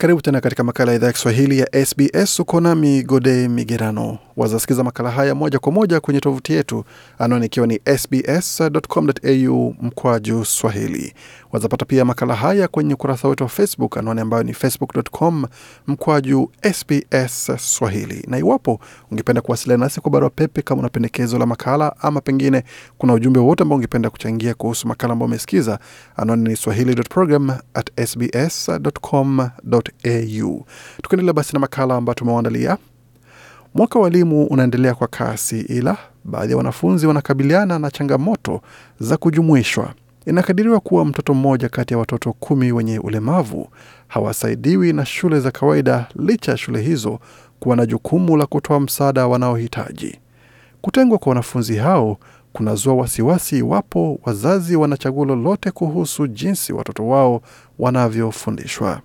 Karibu tena katika makala ya idhaa ya Kiswahili ya SBS. Uko nami Gode Migerano. Wazasikiza makala haya moja kwa moja kwenye tovuti yetu, anwani ikiwa ni sbs.com.au mkwaju swahili. Wazapata pia makala haya kwenye ukurasa wetu wa Facebook, anwani ambayo ni facebook.com mkwaju sbs swahili. Na iwapo ungependa kuwasiliana nasi kwa barua pepe, kama una pendekezo la makala ama pengine kuna ujumbe wowote ambao ungependa kuchangia kuhusu makala ambao umesikiza, anwani ni swahili.program@sbs.com.au au. Tukiendelea basi na makala ambayo tumewaandalia, mwaka wa elimu unaendelea kwa kasi, ila baadhi ya wanafunzi wanakabiliana na changamoto za kujumuishwa. Inakadiriwa kuwa mtoto mmoja kati ya watoto kumi wenye ulemavu hawasaidiwi na shule za kawaida, licha ya shule hizo kuwa na jukumu la kutoa msaada wanaohitaji. Kutengwa kwa wanafunzi hao kunazua wasiwasi iwapo wazazi wana chaguo lolote kuhusu jinsi watoto wao wanavyofundishwa.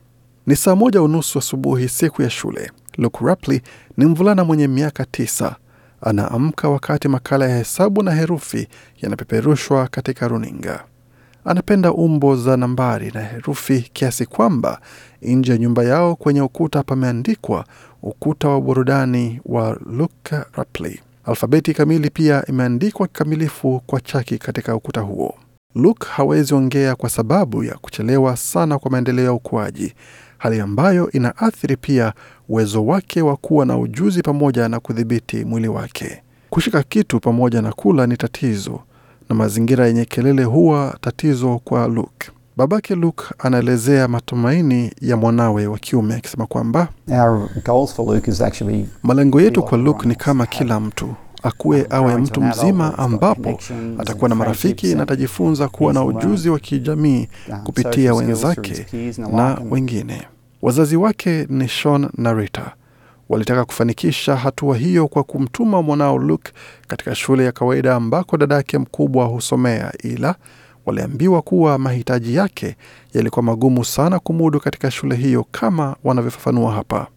Ni saa moja unusu asubuhi siku ya shule. Luke Rapley ni mvulana mwenye miaka tisa. Anaamka wakati makala ya hesabu na herufi yanapeperushwa katika runinga. Anapenda umbo za nambari na herufi kiasi kwamba nje ya nyumba yao kwenye ukuta pameandikwa ukuta wa burudani wa Luke Rapley. Alfabeti kamili pia imeandikwa kikamilifu kwa chaki katika ukuta huo. Luke hawezi ongea kwa sababu ya kuchelewa sana kwa maendeleo ya ukuaji hali ambayo inaathiri pia uwezo wake wa kuwa na ujuzi pamoja na kudhibiti mwili wake. Kushika kitu pamoja na kula ni tatizo, na mazingira yenye kelele huwa tatizo kwa Luke. Babake Luke anaelezea matumaini ya mwanawe wa kiume akisema kwamba malengo yetu kwa Luke ni kama kila mtu akuwe awe mtu mzima ambapo atakuwa na marafiki na atajifunza kuwa na ujuzi wa kijamii um, kupitia wenzake na wengine. Wazazi wake ni Sean na Rita walitaka kufanikisha hatua hiyo kwa kumtuma mwanao Luke katika shule ya kawaida ambako dadake mkubwa husomea, ila waliambiwa kuwa mahitaji yake yalikuwa magumu sana kumudu katika shule hiyo, kama wanavyofafanua hapa.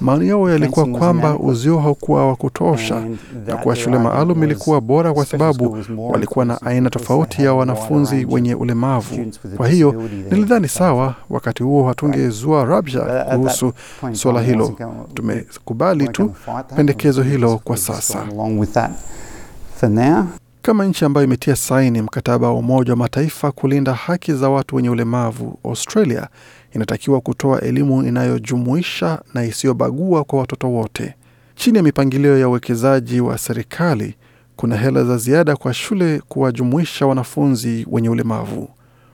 Maoni yao yalikuwa kwamba uzio haukuwa wa kutosha na kuwa shule maalum ilikuwa bora kwa sababu walikuwa na aina tofauti ya wanafunzi wenye ulemavu. Kwa hiyo nilidhani sawa, wakati huo hatungezua rabsha kuhusu suala hilo. Tumekubali tu pendekezo hilo kwa sasa. Kama nchi ambayo imetia saini mkataba wa Umoja wa Mataifa kulinda haki za watu wenye ulemavu, Australia inatakiwa kutoa elimu inayojumuisha na isiyobagua kwa watoto wote. Chini ya mipangilio ya uwekezaji wa serikali, kuna hela za ziada kwa shule kuwajumuisha wanafunzi wenye ulemavu.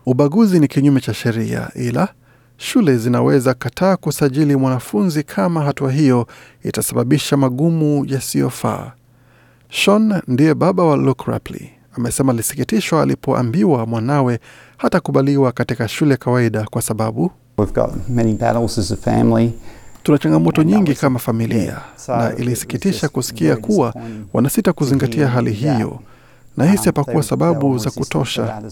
Ubaguzi ni kinyume cha sheria, ila shule zinaweza kataa kusajili mwanafunzi kama hatua hiyo itasababisha magumu yasiyofaa. Sean ndiye baba wa Luke Rapley amesema alisikitishwa alipoambiwa mwanawe hatakubaliwa katika shule kawaida kwa sababu tuna changamoto nyingi kama familia, na ilisikitisha kusikia kuwa wanasita kuzingatia hali hiyo, um, na hisi hapakuwa sababu za kutosha.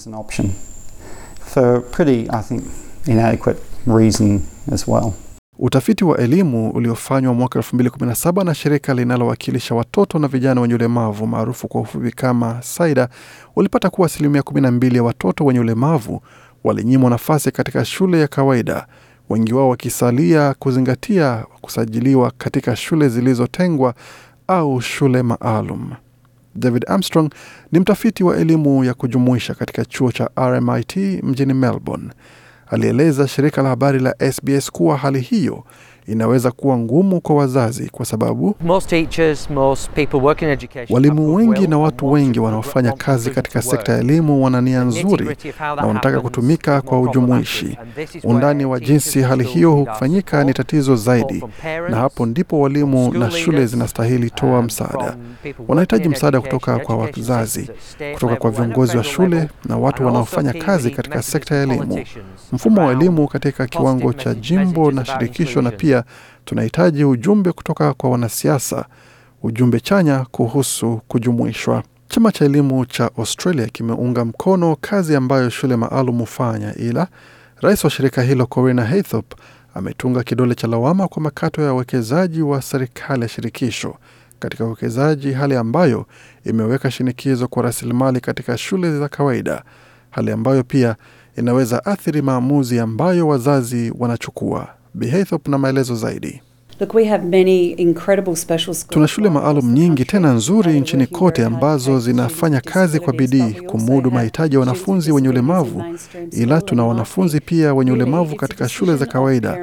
For pretty, I think, inadequate reason as well. Utafiti wa elimu uliofanywa mwaka 2017 na shirika linalowakilisha watoto na vijana wenye ulemavu maarufu kwa ufupi kama SAIDA ulipata kuwa asilimia 12 ya watoto wenye ulemavu walinyimwa nafasi katika shule ya kawaida, wengi wao wakisalia kuzingatia kusajiliwa katika shule zilizotengwa au shule maalum. David Armstrong ni mtafiti wa elimu ya kujumuisha katika chuo cha RMIT mjini Melbourne alieleza shirika la habari la SBS kuwa hali hiyo inaweza kuwa ngumu kwa wazazi kwa sababu most teachers, most people working education, walimu wengi na watu wengi wanaofanya kazi katika sekta ya elimu wana nia nzuri na wanataka kutumika kwa ujumuishi. Undani wa jinsi hali hiyo hufanyika ni tatizo zaidi, na hapo ndipo walimu na shule zinastahili toa um, msaada. Wanahitaji msaada kutoka kwa wazazi, kutoka kwa viongozi wa shule na watu wanaofanya kazi katika sekta ya elimu. Mfumo wa elimu katika kiwango cha jimbo na shirikisho na pia pia tunahitaji ujumbe kutoka kwa wanasiasa, ujumbe chanya kuhusu kujumuishwa. Chama cha elimu cha Australia kimeunga mkono kazi ambayo shule maalum hufanya, ila rais wa shirika hilo Corina Heathop ametunga kidole cha lawama kwa makato ya uwekezaji wa serikali ya shirikisho katika uwekezaji, hali ambayo imeweka shinikizo kwa rasilimali katika shule za kawaida, hali ambayo pia inaweza athiri maamuzi ambayo wazazi wanachukua. Behathop na maelezo zaidi. Tuna shule maalum nyingi tena nzuri nchini kote ambazo zinafanya kazi kwa bidii kumudu mahitaji ya wanafunzi wenye ulemavu, ila tuna wanafunzi pia wenye ulemavu katika shule za kawaida,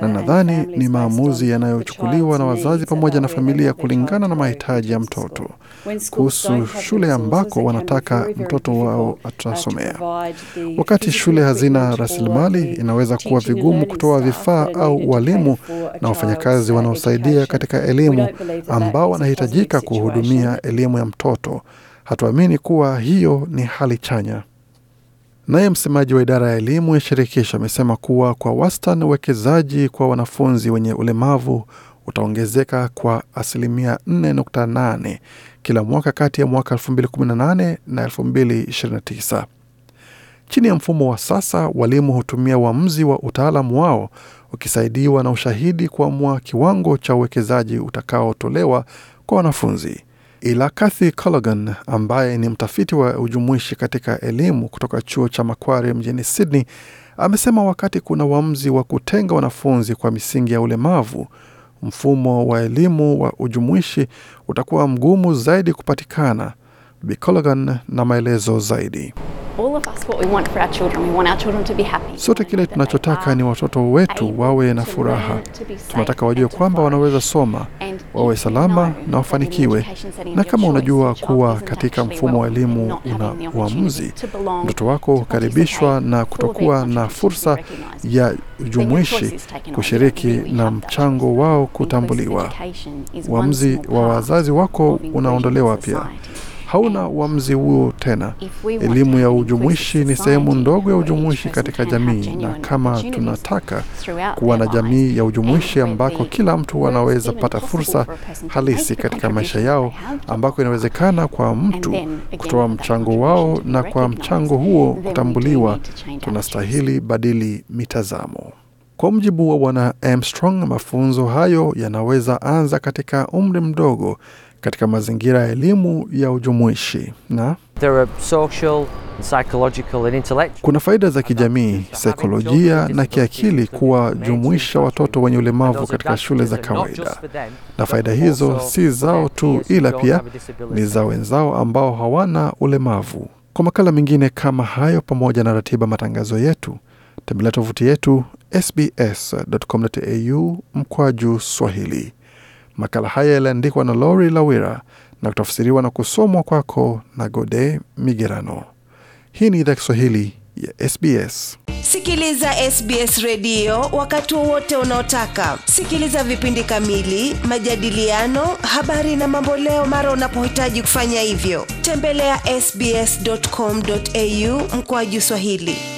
na uh, nadhani ni maamuzi yanayochukuliwa na wazazi pamoja na familia kulingana na mahitaji ya mtoto kuhusu shule ambako wanataka mtoto wao uh, atasomea. Wakati shule hazina rasilimali, inaweza kuwa vigumu kutoa vifaa au walimu na wafanyakazi wazazi wanaosaidia katika elimu ambao wanahitajika kuhudumia elimu ya mtoto. Hatuamini kuwa hiyo ni hali chanya. Naye msemaji wa idara ya elimu ya shirikisho amesema kuwa kwa wastani, uwekezaji kwa wanafunzi wenye ulemavu utaongezeka kwa asilimia 4.8 kila mwaka kati ya mwaka 2018 na 2029. Chini ya mfumo wa sasa, walimu hutumia uamuzi wa utaalamu wao wakisaidiwa na ushahidi kuamua kiwango cha uwekezaji utakaotolewa kwa wanafunzi. Ila Kathy Colligan ambaye ni mtafiti wa ujumuishi katika elimu kutoka chuo cha makwari mjini Sydney amesema wakati kuna uamuzi wa kutenga wanafunzi kwa misingi ya ulemavu, mfumo wa elimu wa ujumuishi utakuwa mgumu zaidi kupatikana. Bi Colligan na maelezo zaidi. Sote kile tunachotaka ni watoto wetu wawe na furaha. Tunataka wajue kwamba wanaweza soma, wawe salama na wafanikiwe. Na kama unajua kuwa katika mfumo wa elimu una uamuzi, mtoto wako hukaribishwa na kutokuwa na fursa ya jumuishi kushiriki na mchango wao kutambuliwa. Uamuzi wa wazazi wako unaondolewa pia hauna uamuzi huo tena. Elimu ya ujumuishi ni sehemu ndogo ya ujumuishi katika jamii, na kama tunataka kuwa na jamii ya ujumuishi ambako kila mtu anaweza pata fursa halisi katika maisha yao, ambako inawezekana kwa mtu kutoa mchango wao na kwa mchango huo kutambuliwa, tunastahili badili mitazamo. Kwa mjibu wa Bwana Armstrong, mafunzo hayo yanaweza anza katika umri mdogo katika mazingira ya elimu ya ujumuishi na There are social, psychological and intellectual. Kuna faida za kijamii, saikolojia na kiakili kuwajumuisha watoto wenye ulemavu katika shule za kawaida, na faida hizo si zao tu, ila pia ni za wenzao ambao hawana ulemavu. Kwa makala mengine kama hayo, pamoja na ratiba matangazo yetu, tembelea tovuti yetu sbs.com.au mkwaju Swahili. Makala haya yaliandikwa na Lori Lawira na kutafsiriwa na kusomwa kwako na Gode Migerano. Hii ni idhaa Kiswahili ya SBS. Sikiliza SBS redio wakati wowote unaotaka. Sikiliza vipindi kamili, majadiliano, habari na mamboleo mara unapohitaji kufanya hivyo. Tembelea ya sbs.com.au mkoaji Swahili.